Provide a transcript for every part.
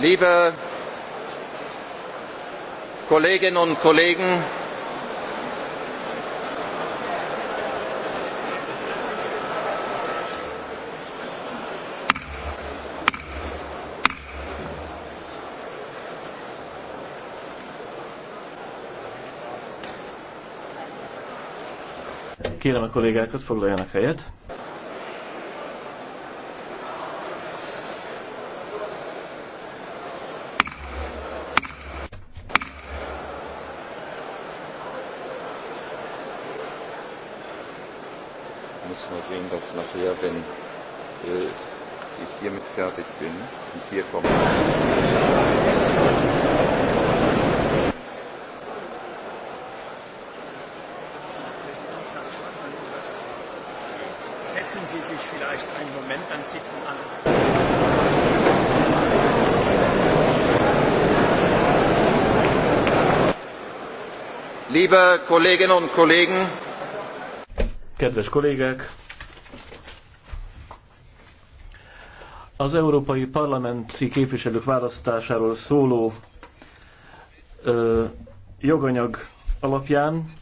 Liebe Kolleginnen und Kollegen, Kérem a kollégákat, foglaljanak helyet. müssen wir sehen, dass nachher, wenn äh, ich hiermit fertig bin und hier komme. Setzen Sie sich vielleicht einen Moment, dann sitzen alle. Liebe Kolleginnen und Kollegen, Kedves kollégák! Az Európai Parlamenti képviselők választásáról szóló ö, joganyag alapján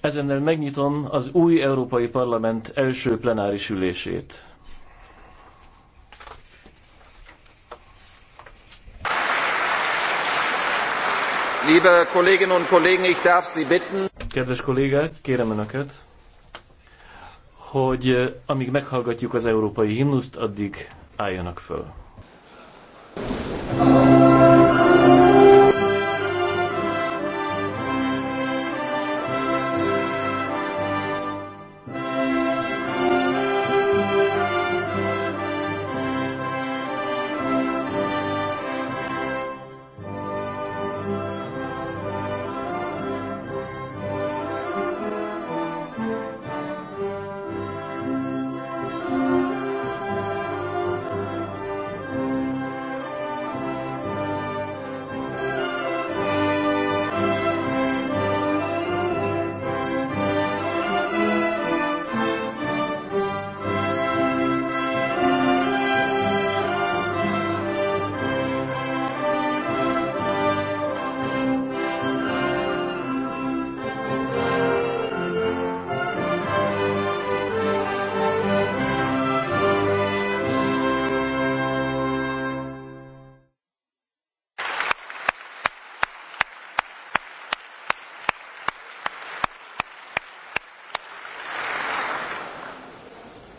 ezennel megnyitom az új Európai Parlament első plenáris ülését. Liebe Kolleginnen und Kollegen, ich darf Sie bitten. Kedves kollégák, kérem Önöket, hogy amíg meghallgatjuk az európai himnuszt, addig álljanak föl.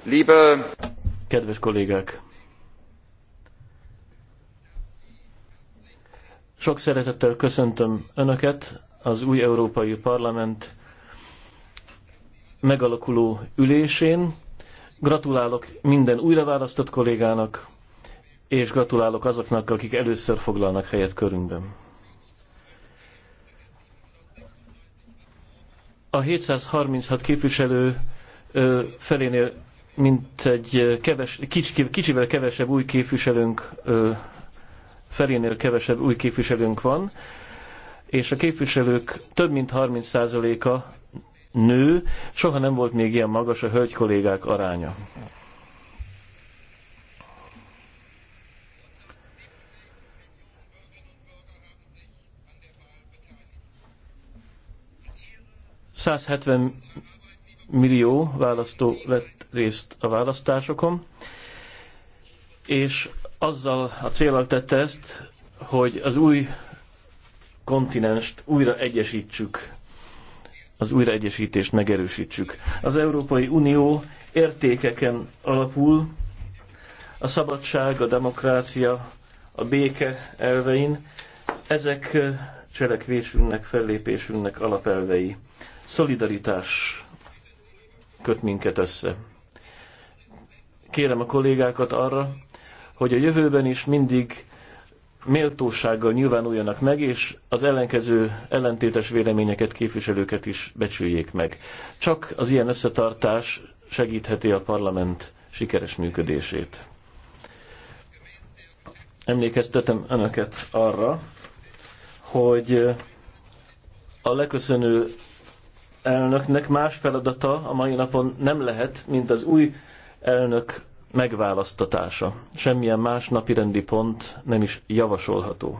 Liebe... Kedves kollégák! Sok szeretettel köszöntöm Önöket az új Európai Parlament megalakuló ülésén. Gratulálok minden újraválasztott kollégának, és gratulálok azoknak, akik először foglalnak helyet körünkben. A 736 képviselő felénél mint egy keves, kics, kicsivel kevesebb új képviselőnk, felénél kevesebb új képviselőnk van, és a képviselők több mint 30%-a nő, soha nem volt még ilyen magas a hölgy kollégák aránya. ...170 millió választó vett részt a választásokon, és azzal a célral tette ezt, hogy az új kontinenst újra egyesítsük, az újraegyesítést megerősítsük. Az Európai Unió értékeken alapul, a szabadság, a demokrácia, a béke elvein, ezek cselekvésünknek, fellépésünknek alapelvei. Szolidaritás köt minket össze kérem a kollégákat arra, hogy a jövőben is mindig méltósággal nyilvánuljanak meg, és az ellenkező ellentétes véleményeket, képviselőket is becsüljék meg. Csak az ilyen összetartás segítheti a parlament sikeres működését. Emlékeztetem önöket arra, hogy a leköszönő elnöknek más feladata a mai napon nem lehet, mint az új elnök megválasztatása. Semmilyen más napirendi pont nem is javasolható.